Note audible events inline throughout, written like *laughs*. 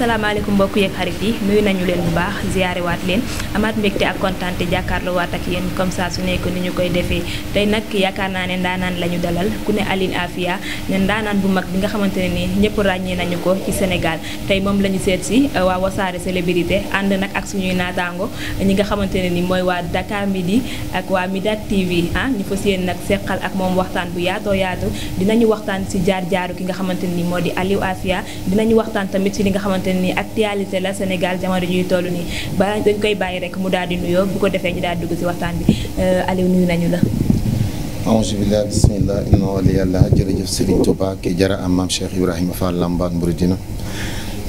asalaamaaleykum mbokk yeeg xarit yi nuyu nañu leen bu baax waat leen amaat mbégte ak kontaan te jàkkaarloo waat ak yéen comme ça su nekk ni ñu koy defee tey nag yaakaar naa ne ndaanaan la ñu dalal ku ne Aline Afia ne ndaanaan bu mag bi nga xamante ne ni ñëpp ràññee nañu ko ci Sénégal tey moom la ñu seet si euh, waa wasaare célébrité ànd nag ak suñuy naataango ñi nga xamante ne ni mooy waa Dakar di ak waa Midak TV ah ñu fas yéen nag seqal ak moom waxtaan bu yaatoo yaatu dinañu waxtaan si jaar jaaru ki nga xamante ne ni moo di Aliou Afia dinañu waxtaan tamit si li nga xamante xamante ni actualité la Sénégal jamono ñuy toll nii ba dañ koy bàyyi rek mu daal nuyoo bu ko defee ñu daal dugg ci waxtaan bi euh, Aliou nuyu nañu la. auzu billahi bismillah inna waliyallah jërëjëf Serigne Touba ke jara am maam Cheikh Ibrahima Fall Lambaat Mouridina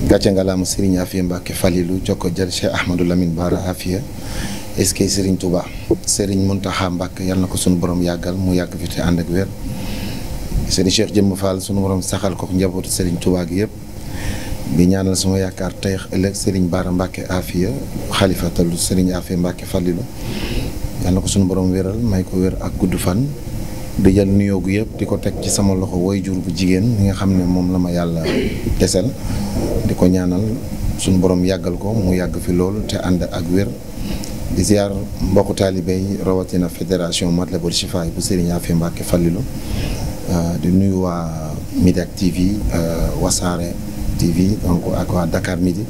gàcce ngalaama Serigne Afia Mbacke Falilou jokko jër Cheikh Ahmadou Lamine Bara Afia est-ce que Serigne Touba Serigne Mountakha Mbacke yal na ko sunu borom yàggal mu yàgg fi te ànd ak wér Serigne Cheikh sunu borom saxal ko njabootu Serigne Touba yëpp. di ñaanal suma yaakaar tey ëllëg Serigne Bara Mbacke Afia xalifa Serigne Afia Mbacke Fallilou yal na ko suñu borom wéral may ko wér ak gudd fan di jël nuyoo yëpp di ko teg ci sama loxo woy jur bu jigéen mi nga xam ne moom la ma yàlla desel di ko ñaanal suñu borom yàggal ko mu yàgg fi loolu te ànd ak wér di ziar mbokku taalibe yi rawatina fédération Matlabul Chifa bu Serigne Afia Mbacke Fallilou ah, di nuyu waa Midak TV ah, wasaare TV donc ak waa Dakar Midi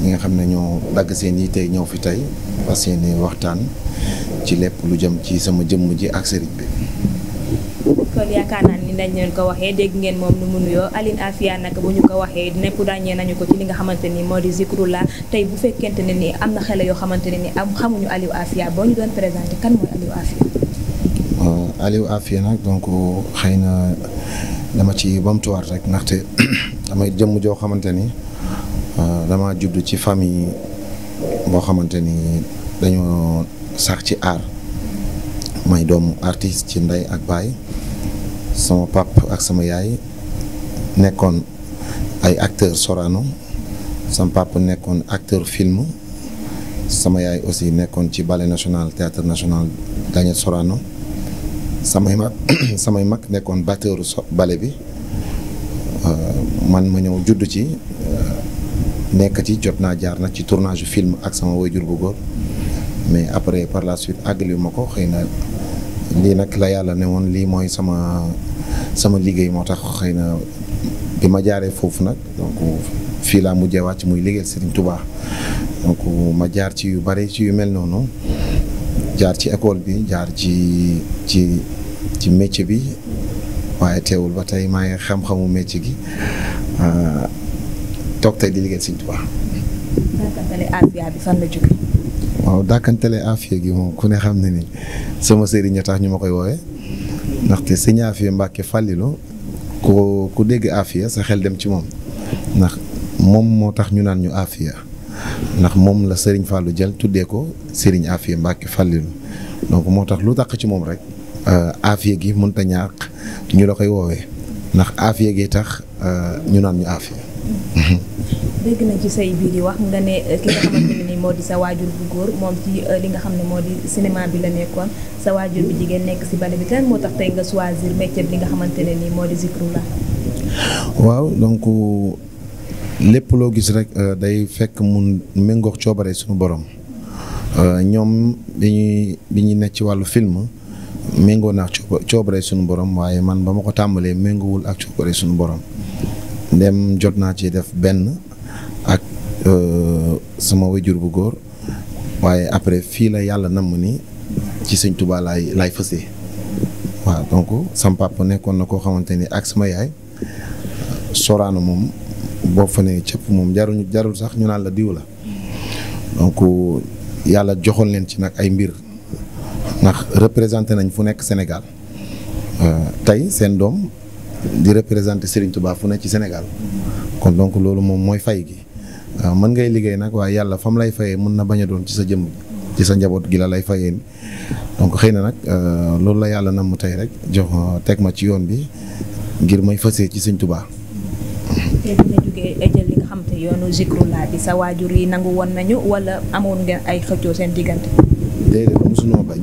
ñi nga xam ne ñoo dagg seen yi tey ñëw fi tey fas yéene waxtaan ci lépp lu jëm ci sama jëmm ji ak sëriñ bi. kon yaakaar naa ni dañ leen ko waxee dégg ngeen moom nu mu nuyoo Aline Afia nag bu ñu ko waxee nepp ràññee nañu ko ci li nga xamante ni moo di zikrullah tey bu fekkente ne ni am na xele yoo xamante ne ni am xamuñu Aliou Afia boo ñu doon présenté kan mooy Aliou Afia. Euh, Aliou Afia nag donc xëy dama ci bamtuwaat rek ndaxte *clears throat* damay jëmm joo xamante ni euh, dama judd ci famille boo xamante ni dañoo sax ci aar may doomu artiste ci ndey ak baay sama pap ak sama yaay nekkoon ay acteur Sorano sama pap nekkoon acteur film sama yaay aussi nekkoon ci ballet national théâtre national Daniel Sorano samay mag *clears throat* samay mag nekkoon batteuru so bale bi euh, man ma ñëw judd ci euh, nekk ci jot naa jaar na ci tournage film ak sama waajur bu góor mais après par la suite àggali ma ko xëy na lii nag la yàlla ne woon lii mooy sama sama liggéey moo tax xëy na bi ma jaaree foofu nag donc fii laa mujjee wàcc muy liggéey Serigne Touba donc ma jaar ci yu bari ci yu mel noonu. jaar ci école bi jaar ci ci ci métier bi waaye teewul ba tey maa ngi xam-xamu métier gi euh, toog tey di liggéey Sëriñ Tuubaa. waaw dàkkantale Afia gi moom ku ne xam ne ni sama sëriñ a tax ñu ma koy woowee ndaxte sëñ Afia Mbàkke Fàllilu ku ku dégg Afia sa xel dem ci moom ndax moom moo tax ñu naan ñu Afia. ndax moom la Serigne Fallou jël tuddee ko Serigne Afia Mbacke Fallilu donc moo tax lu taq ci moom rek euh, Afia gi mënta ñàkk ñu la koy woowee ndax Afia gi tax euh, ñu naan ñu Afia. *laughs* dégg na ci say biir yi wax nga ne euh, ki nga xamante ne moo di sa waajur bi jigéen nekk si bale bi lan moo tax tey nga choisir métier bi li nga xamante ne moo di Zikroulah. waaw donc. lépp loo gis rek euh, day fekk mun méngoox coobare suñu borom euh, ñoom bi ñuy nekk ci wàllu film méngoo na ak coobare suñu borom waaye man ba ma ko tàmbalee méngoowul ak coobare suñu borom ndem jot naa ci def benn ak euh, sama wajur bu góor waaye après fii la yàlla namm ni ci sëñ Tuubaa laay laay fësee waaw donc sam nekkoon na koo xamante ni ak sama yaay soraana moom boo fa ne cëpp moom jaruñu jarul sax ñu naan la diw la donc yàlla joxoon leen ci nag ay mbir ndax représenté nañ fu nekk Sénégal euh, tey seen doom di représenté Serigne Touba fu nekk ci Sénégal kon donc loolu moom mooy fay gi waaw euh, mën ngay liggéey nag waaye yàlla fam lay fayee mun na bañ a doon ci sa jëmm ci sa njaboot gi la lay fayee ni donc xëy na nag euh, loolu la yàlla na mu tey rek jox teg ma ci yoon bi ngir may fasee ci Serigne Touba yoonu zikrullah bi sa waajur yi nangu woon nañu wala amoon ngeen ay xëccoo seen diggante. déedéet mosunoo bañ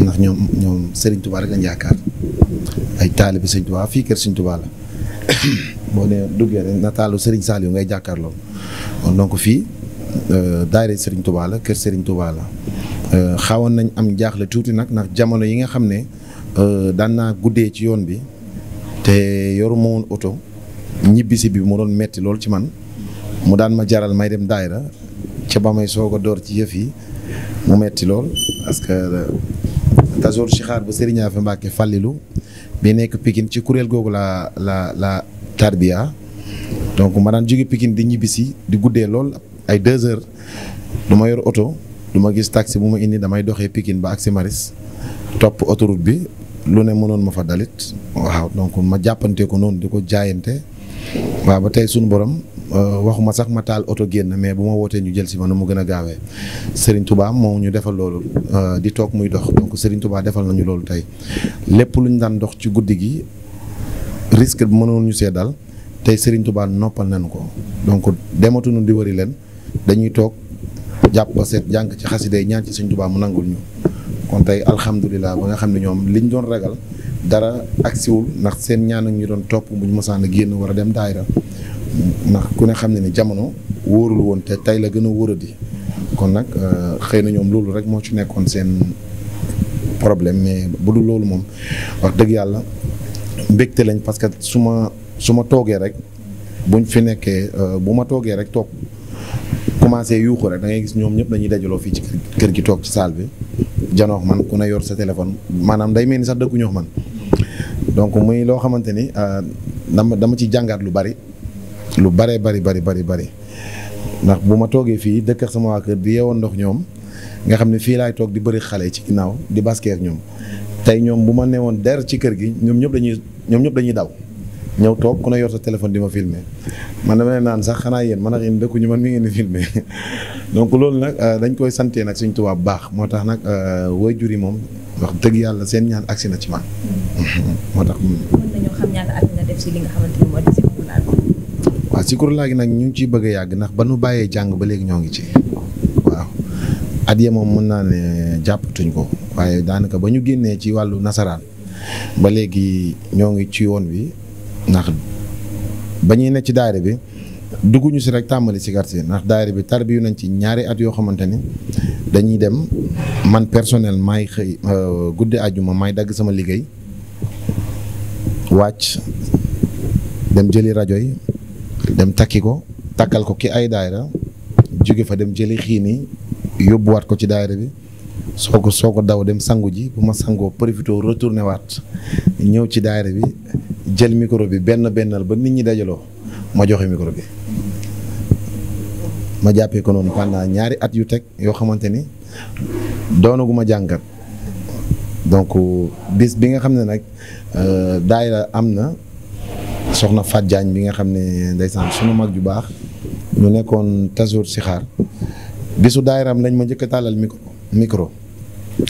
ndax ñoom ñoom Serigne Touba rek lañ yaakaar ay taalibi Serigne Touba fii kër Serigne Touba la *coughs* boo nee duggee rek ngay jàkkaarloo donc fii euh, daayira Serigne Touba la euh, xawoon nañ am jaaxle tuuti nag ndax jamono yi nga xam ne euh, daan naa guddee ci yoon bi te yoruma woon oto ñibbisi bi mu doon metti lool ci man. mu daan ma jaral may dem daayira ca ba may soog a door ci yëf yi mu metti lool parce que euh, tasoor ci xaar bu Serigne Afe Mbacke bi nekk pikin ci kuréel googu la la la tarbiya donc ma daan jóge pikin di ñibbisi di guddee lool ay deux heures du ma yor oto du ma gis taxi bu ma indi damay doxee pikin ba si Maris topp autoroute bi lu ne mënoon ma fa dalit waaw donc ma jàppante ko noonu di ko jaayante waaw ba tey sunu borom Euh, waxuma sax ma taal oto génn mais bu ma wootee ñu jël si ma nu mu gën a gaawee Serigne Touba moom ñu defal loolu euh, di toog muy dox donc Serigne Touba defal nañu loolu tey lépp lu ñu daan dox ci guddi gi risque mënoon ñu see tey Serigne tubaa noppal nañu ko donc dematuñu di wari leen dañuy toog jàpp ba seet jàng ci xasida yi ñaan ci Serigne Touba mu nangul ñu kon tey alhamdulilah ba nga xam ne ñoom liñ doon ragal. dara agsiwul ndax seen ñaan ñu doon topp bu ñu mosaan a génn war a dem daayira ndax ku ne xam ne ni jamono wóorul woon te tey la gën a wóoradi kon nag euh, xëy na ñoom loolu rek moo ci nekkoon seen problème mais bu dul loolu moom wax dëgg yàlla mbégte lañ parce que su ma su ma toogee rek bu ñu fi nekkee euh, bu ma toogee rek toog commencé yuuxu rek da ngay gis ñoom ñëpp dañuy dajaloo fii ci kër gi toog ci salle bi janoox man ku ne yor sa téléphone maanaam day mel sax dëkku ñoox man donc muy loo xamante ni euh, dama dama ci jàngaat lu bari lu baree bari bari bari bari ndax bu ma toogee fii dëkk sama waa kër di yeewoon ndox ñoom nga xam ne fii laay toog di bëri xale ci ginnaaw di basket ak ñoom tey ñoom bu ma newoon der ci kër gi ñoom ñëpp dañuy ñoom ñëpp dañuy daw ñëw toog ku ne yor sa téléphone di ma filmer man dama leen naan sax yéen man ak yéen dëkkuñu man mi ngeen di filmer *laughs* donc loolu nag euh, dañ koy santee nag suñ tubaab baax moo tax nag euh, waajur yi moom wax dëgg yàlla seen ñaan agsi na ci man. moo tax. mën nañoo xam ñaata at nga def si li nga xamante ni moo di sikurul laag. waaw sikurul nag ñu ngi ciy bëgg a yàgg ndax ba nu bàyyee jàng ba léegi ñoo ngi ci. waaw at ya moom mën naa ne jàppatuñ ko waaye daanaka ba ñu génnee ci wàllu nasaraan ba léegi ñoo ngi ci yoon bi ndax ba ñuy ne ci daara bi. dugguñu si rek tàmbali si quartier ndax daayira bi tarbiyu nañ ci ñaari at yoo xamante ni dañuy dem man personnel maay xëy euh, guddi àjjuma may dagg sama liggéey wàcc dem jëli rajo yi dem takki ko takkal ko ki ay daayira jóge fa dem jëli xiin yi yóbbuwaat ko ci daayira bi soo ko soo ko daw dem sangu ji bu ma sangoo profité retourné waat ñëw ci daayira bi jël micro bi benn bennal ba nit ñi dajaloo ma joxe micro bi ma jàppee ko noonu pendant ñaari at yu teg yoo xamante ni doonaguma jàngat donc bis bi nga xam ne nag euh, daayira am na soxna Fat Diagne bi nga xam ne ndeysaan sunu mag ju baax ñu nekkoon tasoor si xaar bisu daayiraam lañ ma njëkk a tàllal micro micro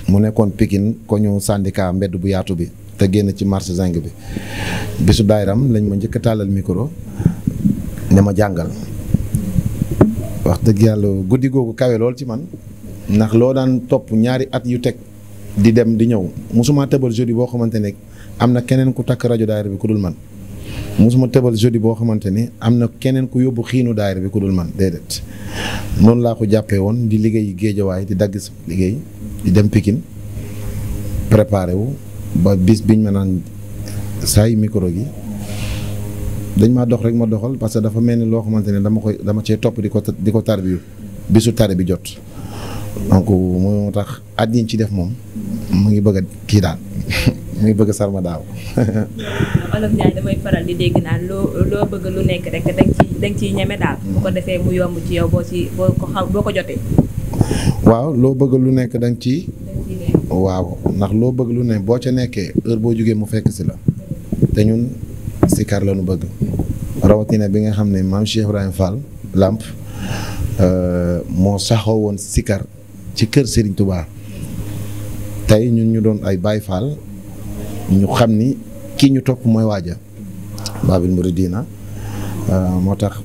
mu nekkoon pikin ko ñu syndicat mbedd bu yaatu bi te génn ci marché zinc bi bisu daayiraam lañ ma njëkk a tàllal micro ne jàngal wax dëgg yàlla guddi googu kawe lool ci man ndax loo daan topp ñaari at yu teg di dem di ñëw mosuma tëbal jeudi boo xamante ne am na keneen ku takk rajo daayira bi ku dul man mosuma tëbal jeudi boo xamante ne am na keneen ku yóbbu xiinu daayira bi ku dul man déedéet noonu laa ko jàppee woon di liggéey géejawaay di dagg sa liggéey di dem pikin préparé wu ba bis biñ ma naan saay micro gi dañ maa dox rek ma doxal parce que dafa mel ni loo xamante ne dama koy dama cee topp di ko di ko tarbiyu bisu tari bi jot donc moo tax at yiñ ci def moom mu ngi bëgg kii daal *laughs* mu ngi bëgg a sarma *laughs* loo bëgg lu nekk rek ci daal. waaw loo bëgg lu nekk danga ci waaw ndax loo bëgg lu ne boo ca nekkee heure boo jógee mu fekk si la te ñun si kar la ñu bëgg. rawatina bi nga xam ne maam Cheikh Ibrahima Fall làmp euh, moo saxoo woon sikar ci kër Serigne Touba tey ñun ñu doon ay baay Fall ñu xam ni kii ñu topp mooy waaja Babil Mouridina euh, moo tax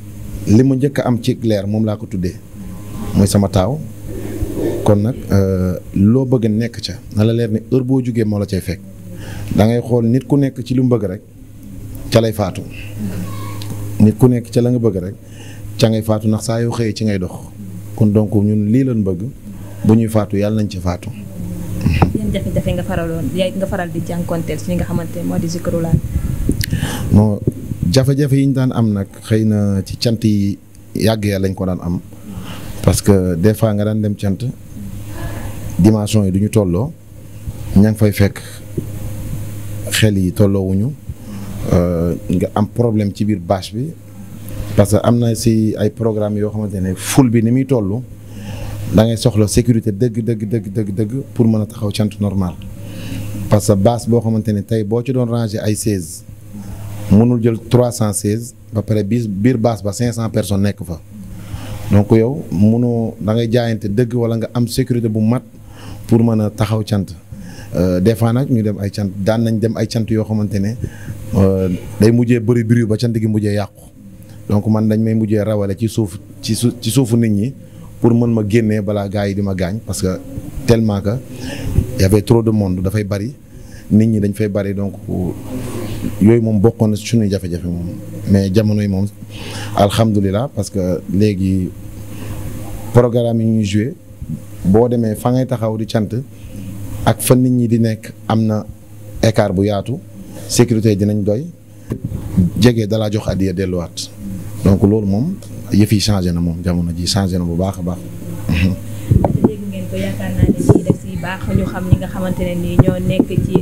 li ma njëkk a am ci leer moom laa ko tuddee mooy sama taaw kon nag euh, loo bëgg nekk ca na la leer ne heure boo jógee moo la cay fekk dangay xool nit ku nekk ci lu mu bëgg rek ca lay faatu nit ku nekk ca la nga bëgg rek ca ngay faatu ndax saa yoo xëyee ci ngay dox kon donc ñun lii lañ bëgg bu ñuy faatu yàlla nañ ci faatu. yan jafe nga faral di jànkonteel ci li nga xamante ne moo di zikrulaay. non jafe-jafe yi ñu daan am nag xëy na ci cant yi yàgg ya lañ ko daan am parce que des fois nga daan dem cant dimension yi duñu tolloo ña ngi fay fekk xel yi tolloowuñu Euh, nga am problème ci biir bâche bi parce que am na si ay programme yoo xamante ne ful bi ni muy toll da ngay soxla sécurité dëgg dëgg dëgg dëgg dëgg pour mën a taxaw cant normal parce que bâche boo xamante ne tey boo ci doon ranger ay 16 mënul jël cent 316 ba pare biir biir bâche ba 500 personnes nekk fa donc yow mënoo da ngay jaayante dëgg wala nga am sécurité bu mat pour mën a taxaw cant euh, des fois nag ñu dem ay cant daan nañ dem ay cant yoo xamante ne Euh, day mujjee bëri bruit ba cant gi mujjee yàqu donc man dañ may mujjee rawale ci suuf ci su ci suufu nit ñi pour mën ma génnee balaa gars yi di ma gaañ parce que tellement que y trop de monde dafay bari nit ñi dañ fay bari donc yooyu moom bokkoon na suñuy jafe-jafe moom mais jamono yi moom alhamdulilah parce que léegi programme yi ñuy joué boo demee fa ngay taxaw di cant ak fa nit ñi di nekk am na écart bu yaatu. sécurité dinañ doy jege dalaa jox addiya delluwaat donc loolu moom yëf yi changé na moom jamono ji changé na bu baax a baax. dégg ñu nekk ci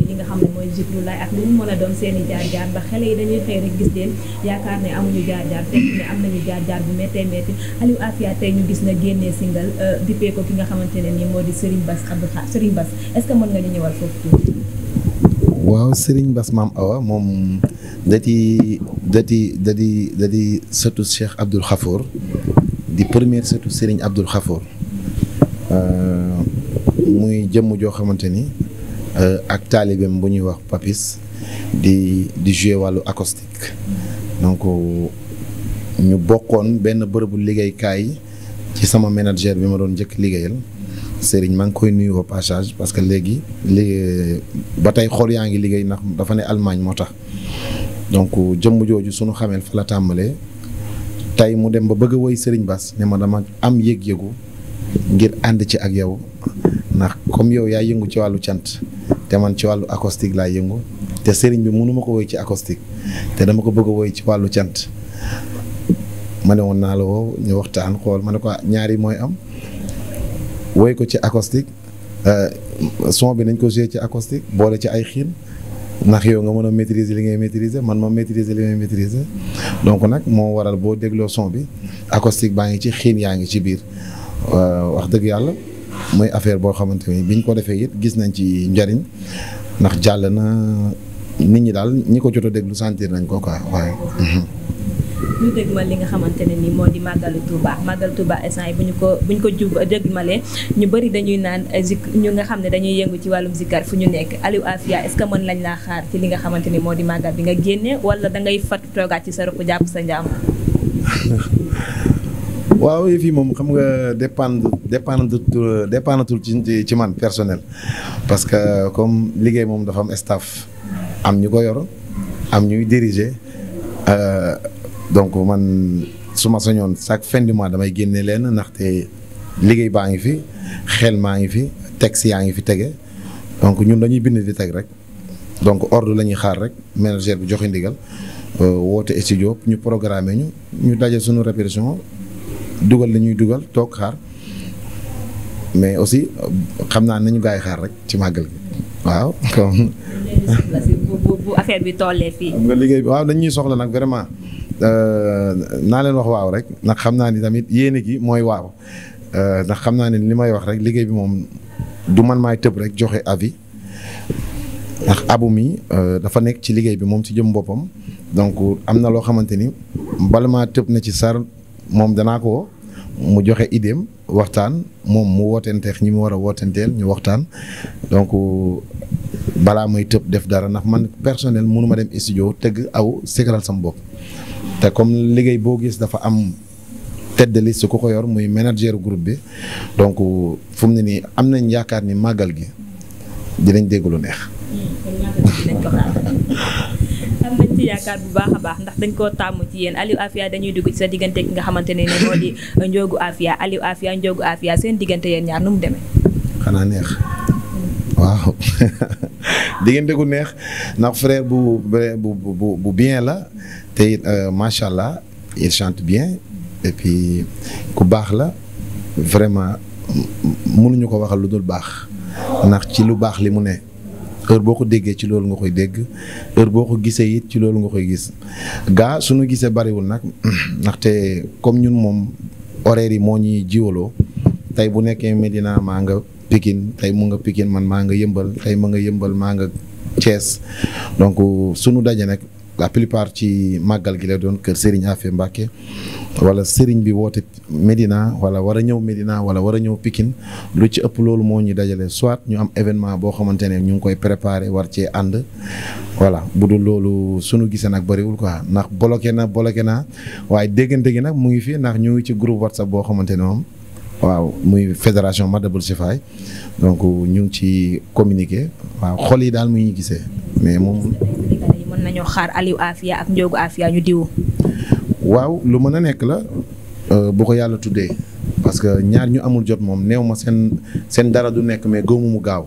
li nga xam ne mooy jublu ak lu mu mën a doon seen jaar-jaar ndax xale yi dañuy xëy rek gis leen yaakaar ne amuñu jaar-jaar bu méttee métti Aliou Afia tey ñu gis na génnee single euh, dippee ko ki nga xamante nii moo di Serigne Bass Abdou Serigne Bass est mën nga ñu ñëwal foofu tuuti. waaw Serigne Bass Maam Awa moom da di da di da di da di sëtu Cheikh Abdoul Khafour di première sëtu Serigne Abdoul Khafour euh, muy jëmm joo xamante ni euh, ak taalibeem bu ñuy wax Papis di di joué wàllu acoustique donc ñu bokkoon benn bërëbu liggéeykaay ci sama manager bi ma doon njëkk liggéeyal. Serigne maa ngi koy nuyoo au passage parce que léegi léegi euh, ba tey xool yaa ngi liggéey ndax dafa ne Allemagne moo tax donc jëmm jooju sunu xamel fa la tàmbalee tey mu dem ba bëgg woy Serigne Bass ne ma dama am yëg-yëgu ngir ànd ci ak yow ndax comme yow yaa yëngu ci wàllu chant te man ci wàllu acoustique laa yëngu te Serigne bi mënu ma ko woy ci acoustique te dama ko bëgg woy ci wàllu chant ma ne woon naa la woo ñu waxtaan xool ma ne ko ah, ñaari mooy am. woy ko ci acoustique euh, son bi nañ ko joué ci acoustique boole ci ay xiin ndax yow nga mën a maîtriser li ngay maîtriser man ma maîtriser li may maîtriser donc nag moo waral boo dégloo son bi acoustique baa ngi ci xiin yaa ngi ci biir euh, wax dëgg yàlla mooy affaire boo xamante ni biñ ko defee it gis nañ ci njariñ ndax jàll na nit ñi daal ñi ko jot a déglu sentir nañ ko quoi waaye. ñu dégmal li nga xamante ne ni moo di màggalu Touba màggalu Touba instant yi bu ñu ko bu ñu ko jub dégmalee ñu bari dañuy naan eh, zik ñu nga xam ne dañuy yëngu ci wàllum zikkar fu ñu nekk Aliou Afia est-ce que mën lañ laa xaar ci li nga xamante ni moo di màggal bi nga génne wala da ngay fat toogaat ci sa rëpp jàpp sa njaam *laughs* waaw yëf yi moom xam nga dépendre dépendre dépendretul ci ci man personnel parce que comme liggéey moom dafa am am ñu ko yor am ñuy euh, donc man su ma sañoon chaque fin damay génne leen ndaxte liggéey baa ngi fi xel maa ngi fi texte yaa ngi fi tege donc ñun dañuy bind di teg rek donc ordre la ñuy xaar rek manager bi joxe ndigal euh, woote studio ñu programmé ñu ñu daje suñu répétition dugal la ñuy dugal toog xaar mais aussi xam naa nañu gars yi xaar rek ci màggal gi *laughs* bi waaw dañuy soxla nag vraiment. Euh, naa leen wax waaw rek ndax xam naa ni tamit yéene gi mooy waaw euh, ndax xam naa ne li may wax rek liggéey bi moom du man maay tëb rek joxe avis ndax abu mi euh, dafa nekk ci liggéey bi moom ci jëm boppam donc am na loo xamante ni bala maa tëb na ci sar moom danaa ko mu joxe idéem waxtaan moom mu wootenteex ñi mu war a wootenteel ñu waxtaan donc balaa may tëb def dara ndax man personnel mënu dem studio tëgg aw ségalal sam bopp te comme liggéey boo gis dafa am tête de liste ko yor muy manager groupe bi donc fu mu ne nii am nañ yaakaar ni màggal gi dinañ dégg neex. *laughs* am nañ ci yaakaar bu baax a baax ndax dañ koo tàmm ci yéen Aliou Afia dañuy dugg ci sa diggante ki nga xamante ne moo di Ndiogou Afia Aliou Afia Ndiogou Afia seen diggante yéen ñaar nu mu demee. xanaa neex waaw *laughs* diggante gu neex ndax frère bu bu bu bu bien la te it euh, macha allah il chante bien et ku baax la vraiment mënuñu ko waxal lu dul baax ndax ci lu baax li mu ne heure boo ko déggee ci loolu nga koy dégg heure boo ko gisee it ci loolu nga koy gis gaa suñu gisee bariwul nag *clears throat* ndaxte comme ñun moom horaire yi moo ñuy jiwaloo tey bu nekkee Medina maa nga Pikine tey mu nga Pikine man maa nga yëmbal tey ma nga yëmbal maa nga Thiès donc suñu daje nag la plupart ci màggal gi lay doon kër Serigne Afia Mbacke wala Serigne bi woote Medina wala war a ñëw Medina wala war a ñëw pikin lu ci ëpp loolu moo ñu dajale soit ñu am événement boo xamante ne ñu ngi koy préparé war cee ànd voilà bu dul loolu sunu gisee nag bëriwul quoi ndax bloqué na bloqué naa waaye déggante gi nag mu ngi fii ndax ñu ngi ci groupe WhatsApp boo xamante ne waaw muy fédération Madabul Sifaay donc ñu ngi ci communiqué waaw xol yi daal muy ñu gisee mais moom mën nañoo xaar Aliou Afia ak Ndiogou Afia ñu diwu waaw lu mën a nekk la euh, bu ko yàlla tuddee parce que ñaar ñu amul jot moom néew ma seen seen dara du nekk mais góomu mu gaaw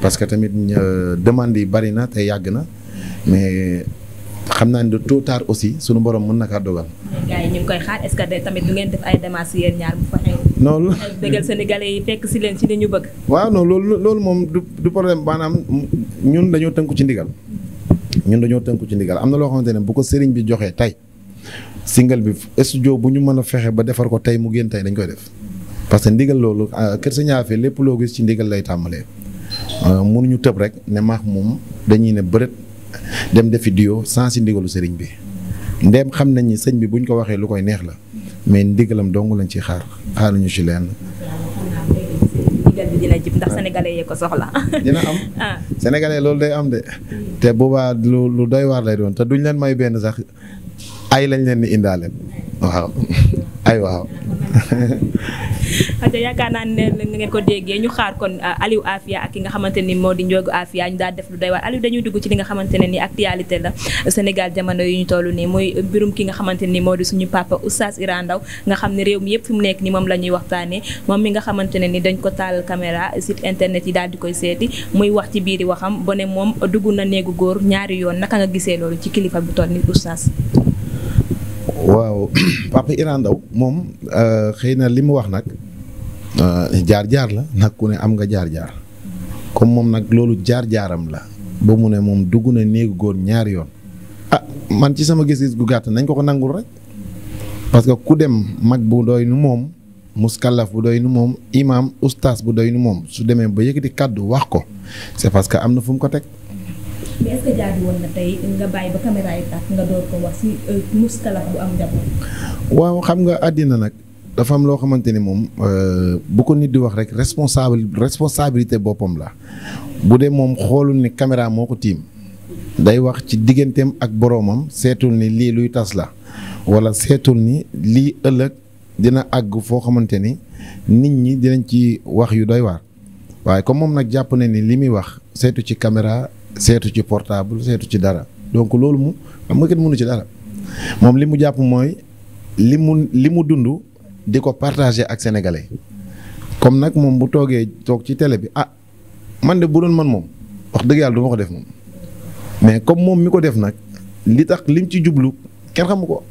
parce que tamit euh, demande yi bari na te yàgg na mais xam naa ne de tôt tard aussi sunu borom mën na kaa dogal. gars du ngeen def ay démarches ñaar bu fa xew. noonu loolu loolu moom du du problème maanaam ñun dañoo tënku ci ndigal. ñun dañoo tënku ci ndigal am na loo xamante ne bu ko sëriñ bi joxee tey single bi studio bu ñu mën a fexe ba defar ko tey mu génn tey dañ koy def parce que ndigal loolu ah, kër Sëñ Afe lépp loo gis ci ndigal lay tàmbalee euh, ñu tëb rek ne maax moom dañuy ne bërët dem defi duo sans si ndigalu sëriñ bi ndem xam nañ ni sëñ bi buñ ko waxee lu koy neex la mais ndigalam dong lañ ci xaar ñu ci lenn dina jib ndax sénégalais yee ko soxla. *laughs* dina am ah. sénégalais loolu day am de. te boobaa lu lu doy waar lay doon te duñ leen may benn sax ay lañ leen di indaale waaw *laughs* ay waaw. *laughs* aja yaakaar naa ne na ngeen ko déggee ñu xaar kon euh, Aliou Afia ak ki nga xamante ni moo di Ndiogou Afia ñu daal def lu doy waar Aliou dañuy dugg ci li nga xamante ne ni actualité la Sénégal jamono yu ñu toll nii muy mbirum ki nga xamante ni moo di suñu papa Oustaz Iran Ndao nga xam ne réew mi yëpp fi mu nekk nii moom la ñuy waxtaanee moom mi nga xamante ne ni dañ ko taalal caméra site internet yi daal di koy seeti muy wax ci biiri waxam bone moom dugg na néegu góor ñaari yoon naka nga gisee loolu ci kilifa bu toll ni Oustaz waaw *coughs* papa Iran Ndao moom euh, xëy na li mu wax nag euh, jaar-jaar la nag ku ne am nga jaar-jaar comme moom nag loolu jaar-jaaram la ba mu ne moom dugg na néegu góor ñaari yoon ah man ci sama gis-gis gu gàtt nañ ko ko nangul rek parce que ku dem mag bu doy nu moom muskalaf bu doy nu moom imaam ustaas bu doy nu moom su demee ba yëg di kàddu wax ko c'est parce que am na fu mu ko teg Euh, waaw xam nga àddina nag dafa am loo xamante ni moom euh, bu ko nit di wax rek responsable responsabilité boppam la bu dee moom xoolu ni caméra moo ko tiim day wax ci digganteem ak boroomam seetul ni lii luy tas la walla seetul ni lii ëllëg dina àgg foo xamante ni nit ñi dinañ ci wax yu doy waar waaye comme moom nag jàpp na ni li muy wax seetu ci kamera seetu ci portable seetu ci dara donc loolu mu xam nga kenn mënu ci dara moom li mu jàpp mooy li mu li mu dund di ko partager ak sénégalais comme nag moom bu toogee toog ci télé bi ah man de bu doon man moom wax dëgg yàlla du ko def moom mais comme moom mi ko def nag li tax lim ci jublu kenn xamu ko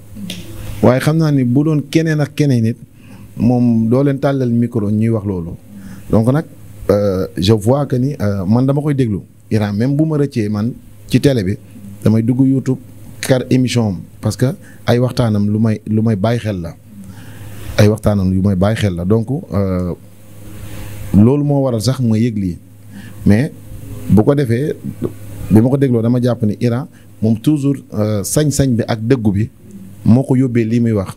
waaye xam naa ni bu doon keneen ak keneen nit moom doo leen tàllal micro ñuy wax loolu donc nag euh, je vois que ni euh, man dama koy déglu. Iran même bu ma rëccee man ci télé bi damay dugg YouTube kar émission parce que ay waxtaanam lu may lu may bàyyi xel la ay waxtaanam lu may bàyyi xel la donc euh, loolu moo waral sax ma yëg lii mais bu ko defee bi ma ko dégloo dama jàpp ni Iran moom toujours euh, sañ-sañ bi ak dëggu bi moo ko yóbbee lii muy wax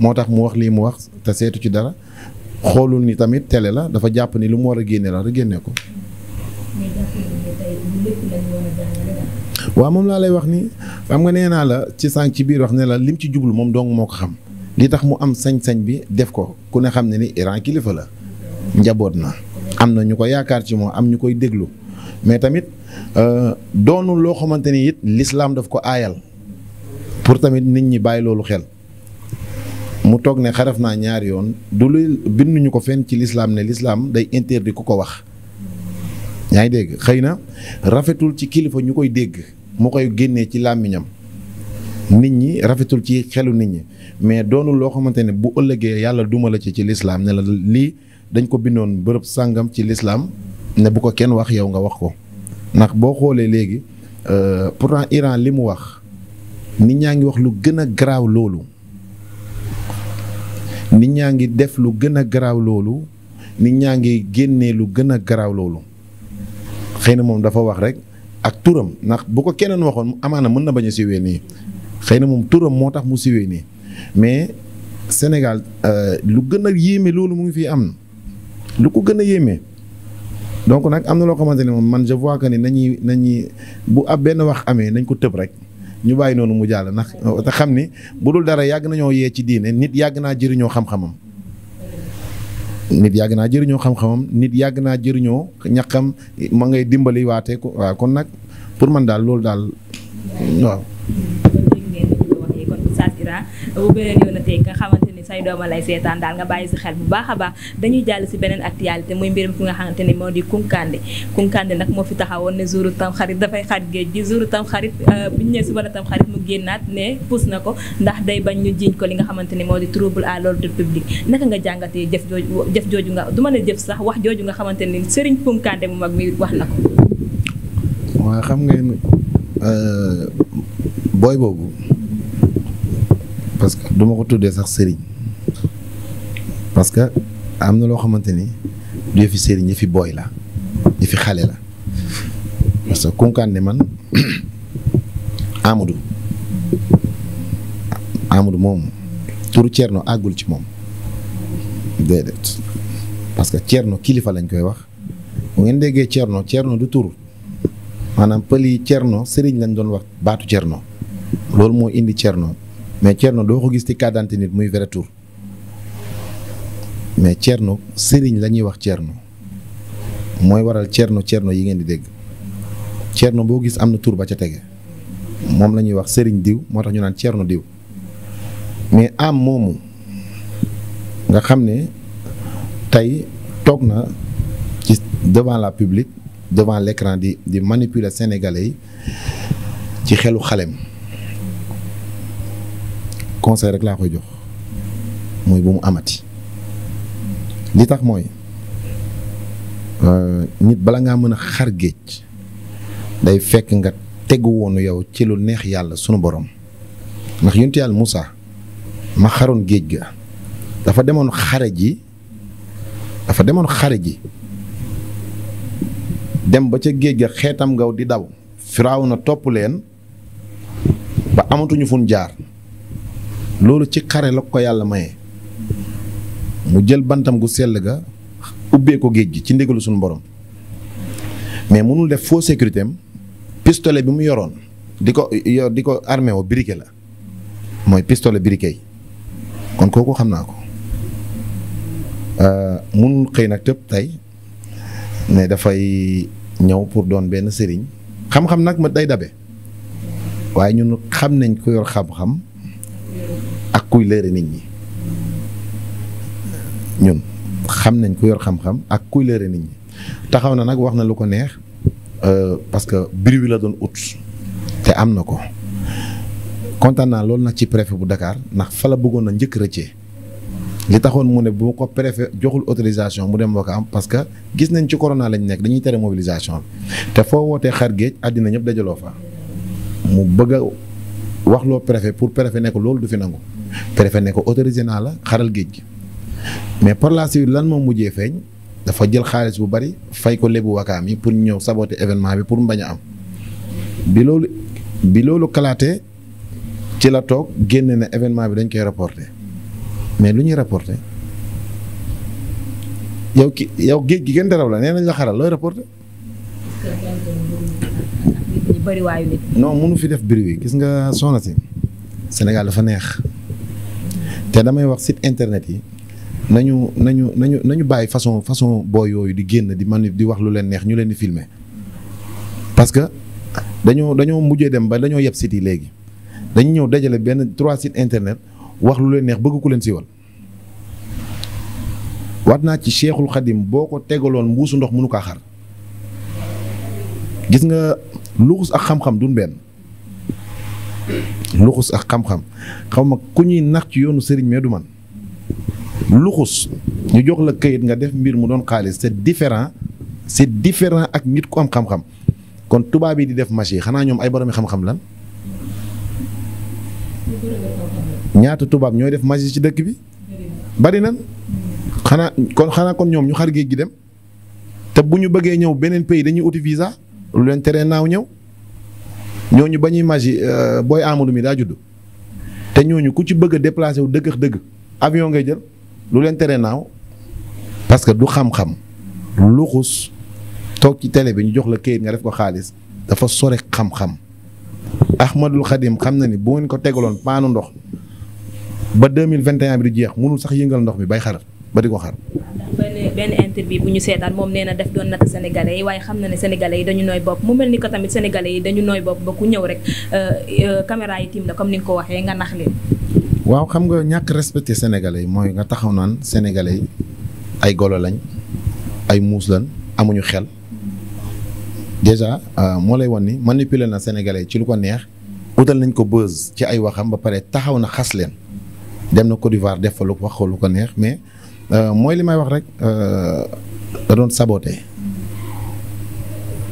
moo tax mu wax lii mu wax te seetu ci dara xoolul ni tamit tele la dafa jàpp ni lu mu war a génne la rek génne ko waaw moom laa lay wax ni xam nga nee naa la ci sànq ci biir wax ne la lim ci jublu moom dong moo ko xam li tax mu am sañ-sañ bi def ko ku ne xam ne ni Iran kilifa la njaboot na am na ñu ko yaakaar ci moom am ñu koy déglu mais tamit euh, doonu loo xamante ni it l'islam daf ko aayal pour tamit nit ñi bàyyi loolu xel mu toog ne xaraf naa ñaari yoon du lu binduñu ko fenn ci lislaam ne lislaam day interdit ku ko wax yaa ngi dégg xëy na rafetul ci kilifa ñu koy dégg mu koy génnee ci làmmiñam nit ñi rafetul ci xelu nit ñi mais doonu loo xamante ne bu ëllëgee yàlla duma la ci ci lislaam ne la lii dañ ko bindoon bërëb sàngam ci lislaam ne bu ko kenn wax yow nga wax ko ndax boo xoolee léegi euh, pourtant Iran li mu wax nit ñaa ngi wax lu gën a garaaw loolu nit ñaa ngi def lu gën a garaaw nit ñaa ngi génnee lu gën a garaaw loolu xëy na moom dafa wax rek ak turam ndax bu ko keneen waxoon amaana mën na bañ a siwee nii xëy na moom turam moo tax mu siwee nii mais Sénégal euh, lu gën a yéeme loolu mu ngi fi am lu ko gën a yéeme donc nag am na loo xamante ne moom man je vois que ni nañuy nañuy bu ab benn wax amee nañ ko tëb rek ñu bàyyi noonu mu jàll ndax te xam ni bu dul dara yàgg nañoo yee ci diine nit yàgg naa jëriñoo xam-xamam. nit yàgg naa jëriñoo xam-xamam nit yàgg naa jëriñoo ñaqam ma ngay dimbali waatee ko waaw kon nag pour man daal loolu daal waaw. say dooma lay seetaan daal nga bàyyi si xel bu baax a baax dañuy jàll si beneen actualité muy mbirum ki nga xamante ne moo di kunkande kunkande nag moo fi taxawoon ne jouru tam xarit dafay xat géej gi jouru tam euh, bu biñu ne si wala tam xarit mu génnaat ne puus na ko ndax day bañ ñu jiiñ ko li nga xamante ne moo di trouble à l'ordre public naka nga jàngatee jëf jooju jëf jooju nga du ma ne jëf sax wax jooju nga xamante ne sëriñ kunkande mu mag mi wax na ko waaw xam ngeen euh, booy boobu parce que duma ko tuddee sax sëriñ parce que am na loo xamante ni du fi sëriñ ñi fi booy la ñi fi xale la parce que Koukandé man *clears throat* Amadou Amadou moom turu Thierno àggul ci moom parce que Thierno kilifa lañ koy wax bu ngeen déggee Thierno Thierno du tur maanaam pël yi Thierno sëriñ lañ doon wax baatu Thierno loolu moo indi Thierno mais Thierno doo ko gis ci kàddante nit muy vrai tur mais cerno sëriñ la ñuy wax cerno mooy waral cerno cerno yi ngeen di dégg cerno boo gis am na tur ba ca tege moom la ñuy wax sëriñ diw moo tax ñu naan cerno diw mais am moomu nga xam ne tey toog na ci devant la public devant l'écran di di manipuler sénégalais yi ci xelu xalem conseil rek laa koy jox mooy bu mu amati li tax mooy euh, nit bala ngaa mën a xar géej day fekk nga tegu woonu yow ci lu neex yàlla sunu borom ndax yonent yàlla Moussa ma xaroon géej ga dafa demoon xare ji dafa demoon xare ji dem ba ca géej ga xeetam ngaw di daw firaaw na topp leen ba amatuñu fun jaar loolu ci xare la ko yàlla maye mu jël bantam gu sell ga ubbee ko géej gi ci ndigalu suñu borom mais mënul def foo sécurité am pistolet bi mu yoroon di ko yor di ko armé woo briquet la mooy pistolet briquet kon kooku xam naa ko euh, mënul xëy nag tëb tey ne dafay ñëw pour doon benn sëriñ xam-xam nag ma day dabe waaye ñun xam nañ ko yor xam-xam ak kuy leere nit ñi ñoom xam nañ ku yor xam-xam ak kuy lëre nit ñi taxaw na nag wax na lu ko neex euh, parce que bruit bi la doon ut te am na ko kontaan naa loolu nag ci préfet bu dakaar ndax fa la bëggoon na njëkk rëccee li taxoon mu ne bu ko préfet joxul autorisation mu dem Wakaam parce que gis nañ ci corona lañ nekk dañuy tere mobilisation te foo wootee xar géej àddina ñëpp dajaloo fa mu bëgg a wax loo préfet pour préfet ne ko loolu du fi nangu préfet ne ko autorisé naa la xaral géej gi. mais par la suite lan moo mujjee feeñ dafa jël xaalis bu bari fay ko lebu wakaam yi pour ñëw saboter événement bi pour mbañ am bi loolu bi loolu kalaatee ci la toog génn na événement bi dañ koy rapporter mais lu ñuy rapporter yow ki yow géej gi gën daraw la nee nañ la xaral looy rapporter. non mënu fi def bruit gis nga soxna si Sénégal dafa neex te damay wax site internet yi. nañu nañu nañu nañu bàyyi façon façon boo yooyu di génn di man di wax lu leen neex ñu leen di filmer parce que dañoo dañoo mujjee dem ba dañoo yeb sites léegi dañu ñëw dajale benn trois sites internet wax lu leen neex bëgg ku leen siiwal waat naa ci Cheikhul Khadim boo ko tegaloon mbuusu ndox mënu kaa xar gis nga luxus ak xam-xam duñ benn luxus ak xam-xam xaw ma ku ñuy nax ci yoonu sëriñ mais du man luxus ñu jox la kayit nga def mbir mu doon xaalis c'est différent c'est différent ak nit ku am xam-xam kon tubaab yi di def yi xanaa ñoom ay boromi xam-xam lan ñaata tubaab ñooy def marché ci dëkk bi bari nan xanaa kon xanaa kon ñoom ñu xar géej gi dem te bu ñu bëggee ñëw beneen pays dañuy uti visa lu leen tere naaw ñëw ñooñu ba ñuy marché euh, booy Amadou mi daa judd te ñooñu ku ci bëgg a déplacé wu dëgg ak dëgg avion ngay jël lu leen tere naaw parce que du xam-xam luxus toog ci télé bi ñu jox la këyit nga def ko xaalis dafa sore xam-xam Ahmadul Xadim xam na ni bu ngeen ko tegaloon paanu ndox ba 2021 bi du jeex mënul sax yëngal ndox mi bay xar ba di ko xar benn interview bu ñu seetaan moom nee na def doon natt sénégalais yi waaye xam na ne sénégalais yi dañu nooy bopp mu mel ni ko tamit sénégalais yi dañu nooy bopp ba ku ñëw rek euh, euh, caméra yi tiim la comme ni nga ko waxee nga nax waaw xam nga ñàkk respecté sénégalais yi mooy nga taxaw naan sénégalais yi ay golo lañ ay muus lañ amuñu xel déjà euh, moo lay wan ni manipuler na sénégalais yi ci lu ko neex utal nañ ko buzz ci ay waxam ba pare taxaw na xas leen dem na Côte d'Ivoire def fa lu wax lu ko neex mais euh, mooy li may wax rek euh, da doon saboté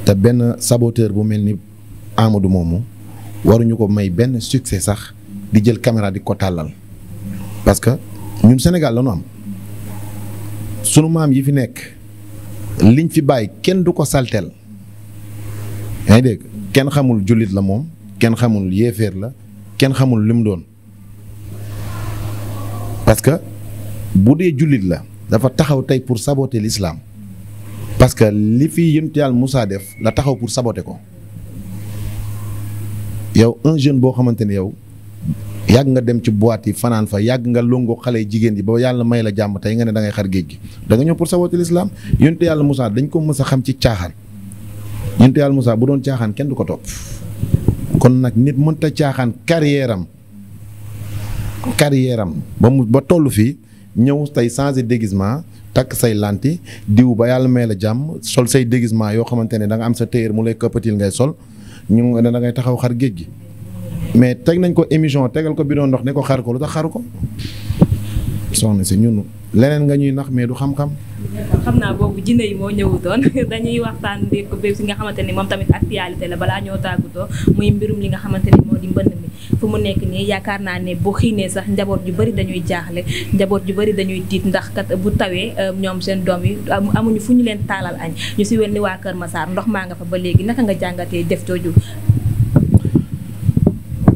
te benn saboteur bu mel ni Amadou moomu waruñu ko may benn succès sax. di jël caméra di ko tàllal parce que ñun Sénégal la ñu am sunu maam yi fi nekk liñ fi bàyyi kenn du ko salteel yaa ngi dégg kenn xamul jullit la moom kenn xamul yéeféer la kenn xamul li mu doon parce que bu dee jullit la dafa taxaw tey pour saboter lislaam parce que li fi yonent Yàlla def la taxaw pour saboter ko yow un jeune boo xamante ne yow yàgg nga dem ci boîte yi fanaan fa yàgg nga longo xale yi jigéen yi ba yàlla may la jàmm tey nga ne dangay ngay xar géej gi da nga ñëw pour sabooti lislaam yonte yàlla Moussa dañ ko mës a xam ci caaxaan yonte yàlla musaa bu doon caaxaan kenn du ko topp kon nag nit mënta caaxaan carrière am carrière am ba mu ba toll fii ñëw tey changer déguisement takk say lanti diw ba yàlla may la jàmm sol say déguisement yoo xamante ne da nga am sa téer mu lay këppatil ngay sol ñu ne da ngay taxaw xar géej gi mais teg nañ ko émission tegal ko bidon ndox ne ko xar ko lu tax xaru ko soxna si ñun leneen nga ñuy nax mais du xam-xam. xam naa boobu jinne yi moo ñëwutoon *laughs* dañuy waxtaan di ko bépp si nga xamante ni moom tamit actualité la balaa ñoo tàggatoo muy mbirum li nga xamante ni moo di mbënd mi fu mu nekk nii yaakaar naa ne bu xiinee sax njaboot yu bari dañuy jaaxle njaboot yu bari dañuy tiit ndax kat bu tawee euh, ñoom seen doom yi amuñu fu ñu leen taalal añ ñu si wel waa Kër Massar ndox maa nga fa ba léegi naka nga jàngatee def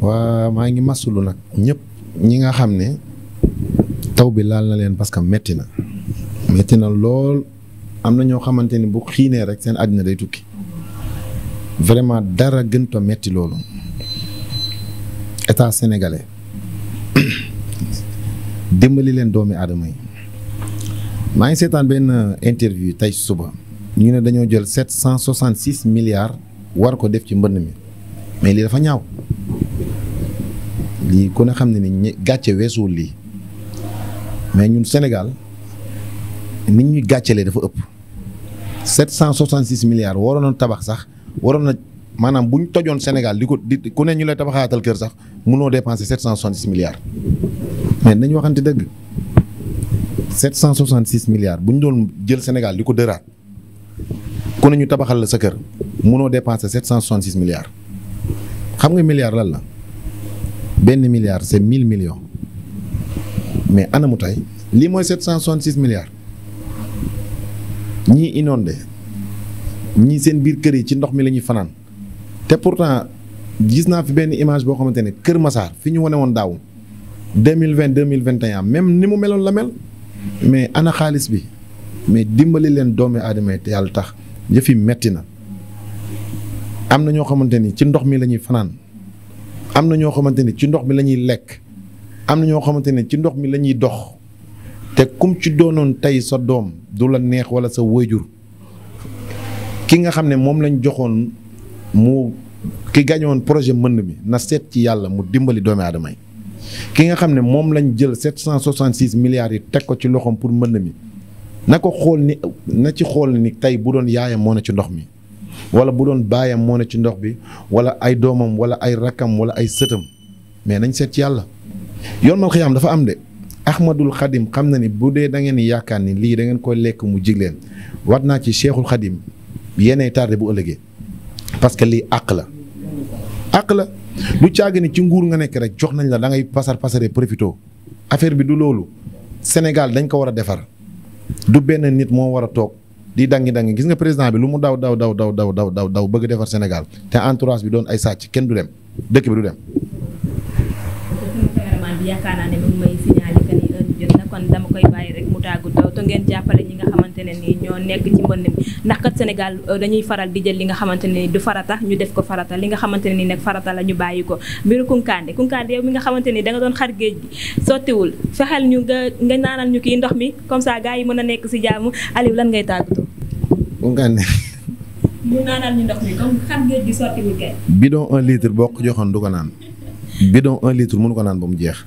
waa maa ngi masulu nag ñëpp ñi nga xam ne taw bi laal na leen parce que metti na metti na lool am na ñoo xamante ni bu xiinee rek seen àddina day tukki vraiment dara gën to metti loolu état sénégalais *coughs* dimbali leen doomi aadama yi maa ngi seetaan benn interview tey suba ñu ne dañoo jël sept cent soixante six milliards war ko def ci mbënn mi mais lii dafa ñaaw lii ku ne xam ne ni gàcce weesuwul lii mais ñun Sénégal nit ñuy gàccelee dafa ëpp 766 milliards waroon na tabax sax waroon na maanaam bu ñu tojoon Sénégal di ko di ku ne ñu lay tabaxaatal kër sax mënoo dépenser 766 milliards mais nañu waxante dëgg 766 milliards bu ñu doon jël Sénégal di ko dëraat ku tabaxal la sa kër mënoo dépenser 766 milliards xam nga milliards lan la. benn milliard c'est mille millions mais anamu tey lii mooy sept cent soixante six milliards ñii inondé ñii seen biir kër yi ci ndox mi la ñuy fanaan te pourtant gis naa fi benn image boo xamante ne Kër Massar fi ñu wane woon daaw deux mille vingt deux mille vingt et même ni mu meloon la mel mais ana xaalis bi mais dimbali leen doomi aadama yi te yàlla tax yëf yi metti na am na ñoo xamante ni ci ndox mi la ñuy fanaan. am na ñoo xamante ni ci ndox mi la ñuy lekk am na ñoo xamante ne ci ndox mi la ñuy dox te kum ci doonoon tey sa doom du la neex wala sa wéjur ki nga xam ne moom lañ joxoon mu ki gañoon projet mbënd mi na seet ci yàlla mu dimbali doomi aadama yi ki nga xam ne moom lañ jël 766 milliards yi teg ko ci loxoom pour mbënd mi na ko xool ni na ci xool ni tey bu doon yaayam moo ne ci ndox mi wala bu doon baayam moo ne ci ndox bi wala ay doomam wala ay rakkam wala ay sëtam mais nañ seet ci yàlla yoon mal xiyaam dafa am de ahmadul xadim xam na ni bu dee da ngeen yaakaar ni lii da ngeen koy lekk mu jigleen leen naa ci cheikhul xadim yenee tardé bu ëllëgee parce que lii àq la àq la lu càgg ni ci nguur nga nekk rek jox nañ la da ngay pasar pasare profito affaire bi du loolu Sénégal dañ ko war a defar du benn nit moo war a toog di dangi-dangi gis nga président bi lu mu daw daw daw daw daw daw daw daw bëgg defar Sénégal te entourage bi doon ay sàcc kenn du dem dëkk bi du dem tàggatoo te ngeen jàppale ñi nga xamante ne ni ñoo nekk ci mbënn mi ndax kat Sénégal euh, dañuy faral di jël li nga xamante ne ni du farata ñu def ko farata li nga xamante ne ni nag farata la ñu bàyyi ko mbiru kunkaande kunkaande yow nga xamante ni da nga doon xar géej gi sottiwul fexeel ñu nga nga naanal ñu kii ndox mi comme ça gars yi mën a nekk si jaamu Aliou lan ngay tàggatoo kunkaande mu naanal ñu ndox mi comme xar géej gi sottiwul kay bidon un litre bokk joxoon du ko naan bidon un litre mënu ko naan ba mu jeex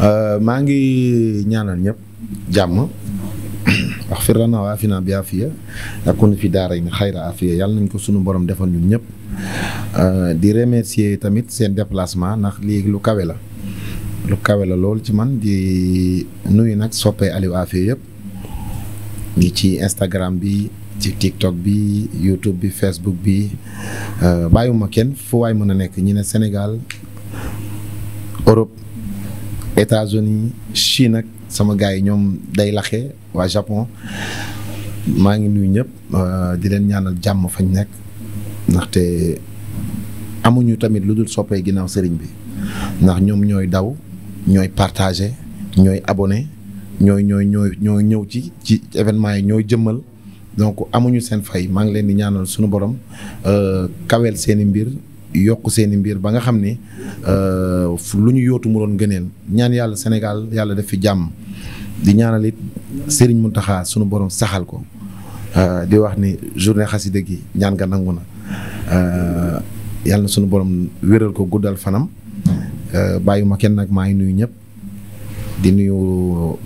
euh, maa ngi ñaanal ñëpp jàmm *coughs* wax fir lana wa afina bi afiya yakun fi daara yi xayra afiya yàlla nañ ko sunu borom defal ñun ñëpp euh, di remercier tamit seen déplacement ndax léegi lu kawe la lu kawe la lool ci man di nuyu nag soppee Aliou Afia yëpp ñi ci Instagram bi ci TikTok bi YouTube bi Facebook bi euh, bàyyiwuma kenn fu waay mën a nekk ñi ne Sénégal Europe États-Unis Chine ak sama gars yi ñoom day laxe waa Japon maa ngi nuyu ñëpp euh, di leen ñaanal jàmm fañ nekk ndaxte amuñu tamit lu dul soppee ginaaw sëriñ bi ndax ñoom ñooy daw ñooy partagé ñooy abonné ñooy ñooy ñooy ñooy ñëw ci ci événement yi ñooy jëmmal donc amuñu seen fay maa ngi leen di ñaanal suñu borom euh, kaweel seeni mbir yokk seen i mbir ba nga xam ne euh, lu ñu yootu doon gëneel ñaan yàlla senegal yàlla def fi jàmm di ñaanal it mu taxa sunu borom saxal ko euh, di wax ni journée xasida gi ñaan nga nangu na euh, yàlla sunu borom wéral ko guddal fanam bàyyi ma kenn nag maa ngi nuyu ñëpp. di nuyu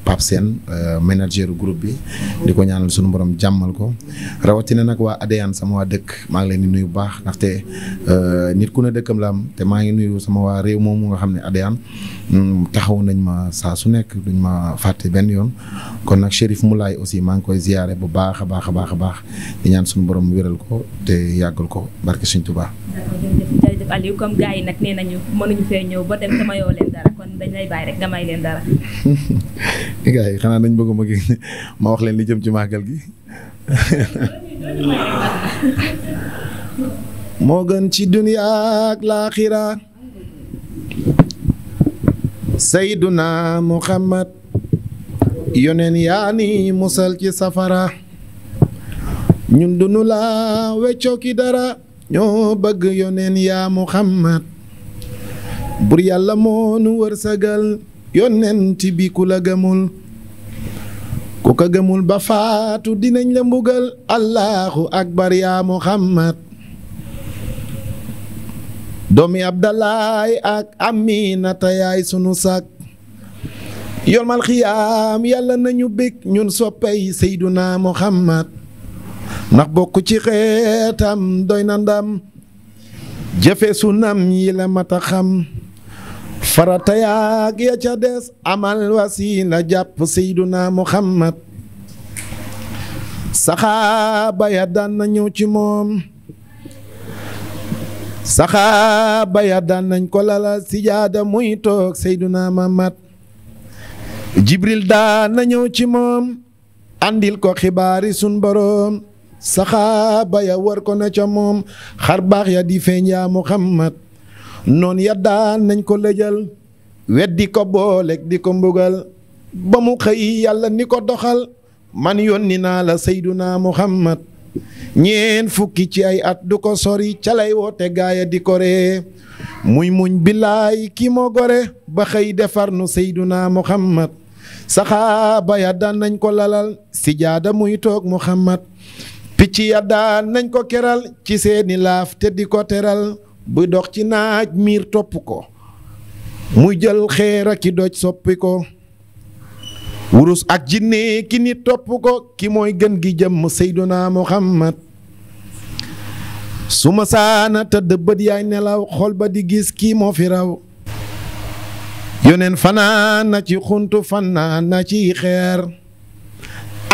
Pape Sène euh, manager groupe bi di ko ñaanal suñu borom jàmmal ko rawatina nag waa Adéane sama waa dëkk maa ngi leen di nuyu bu baax ndaxte euh, nit ku ne dëkkam la am te maa ngi nuyu sama waa réew moomu nga xam ne Adéane hmm, taxaw nañ ma saa su nekk duñ ma fàtte benn yoon kon nag mu laay aussi maa ngi koy ziyaare bu baax a baax a baax a baax di ñaan suñu borom wéral ko te yàggal ko barke suñ Tuubaa. d'accord dañ lay bàyyi rek nga *laughs* xanaa dañ bëgg ma *laughs* ma wax leen li jëm ci màggal gi. *laughs* moo gën ci dunya ak laaxira. sayduna muhammad yoneen yaa ni musal ci safara ñun dunu la weccoo dara ñoo bëgg yoneen yaa muhammad bur yàlla moonu nu wërsagal yonent bi ku la gëmul ku ko gëmul ba faatu dinañ la mbugal allahu akbar yaa muhammad doomi abdalaay ak aminata sunu sàkk yolmal xiyaam yàlla nañu bég ñun soppay seyduna muhammad ndax bokk ci xeetam doy na ndam jëfe su yi la mat a xam farata yaag ya ca des amal wasila jàpp seyduna muhammad saxaaba ya daan na ñëw ci moom saxaaba ya daan nañ ko lala sijaada muy toog seyduna muhammad jibril daan na ñëw ci moom àndil ko xibaari sun boroom saxaaba ya war ko na ca moom xar baax ya di feeñ yaa muhammad noon ya daan nañ ko lëjal di ko booleeg di ko mbugal ba mu xëy yàlla ni ko doxal man yónni naa la sayduna muhammad ñeen fukki ci ay at du ko sori calay woote gaaya di ko ree muy muñ billaay ki moo gore ba xëy defar nu sayduna muhammad saxaaba ya daan nañ ko lalal sijaada muy toog muhammad picc ya daan nañ ko keral ci seeni laaf te di ko teral bu dox ci naaj miir topp ko muy jël xeer ak ki doj soppi ko wurus ak jinne ki nit topp ko ki mooy gën gi jëm seyduna muhammad su ma saana tëdd bët yaay nelaw xol ba di gis kii moo fi raw yoneen fanaan na ci xuntu fanaan na ci xeer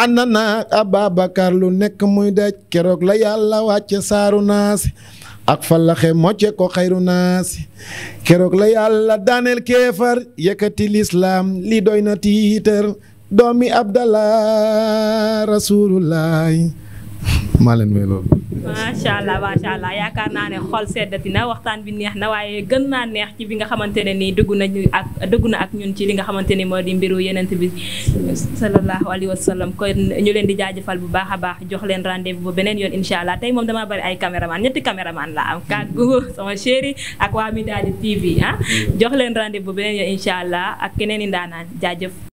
ànd na ak Ababakar lu nekk muy daj keroog la yàlla wàcce saaru naasi ak fallaxe mocce ko xayru naasi keroog la yàlla daaneel keefar yëkkati lislaam li doy na tiitar doomi abdallah rasulullahi maa leen may loolu. macha allah macha allah yaakaar naa ne xol seddati na waxtaan bi neex na waaye gën naa neex ci bi nga xamante ne nii dugg nañu ak dugg na ak ñun ci li nga xamante ni moo di mbiru yenent bi sallallahu alayhi wa sallam kon ñu leen di jaajëfal bu baax a baax jox leen rendez-vous bu beneen yoon incha allah tey moom damaa bari ay caméraman ñetti caméraman la am kàggu sama chéri ak waa Midadi TV ah jox leen rendez-vous bu beneen yoon allah ak keneen i jaajëf.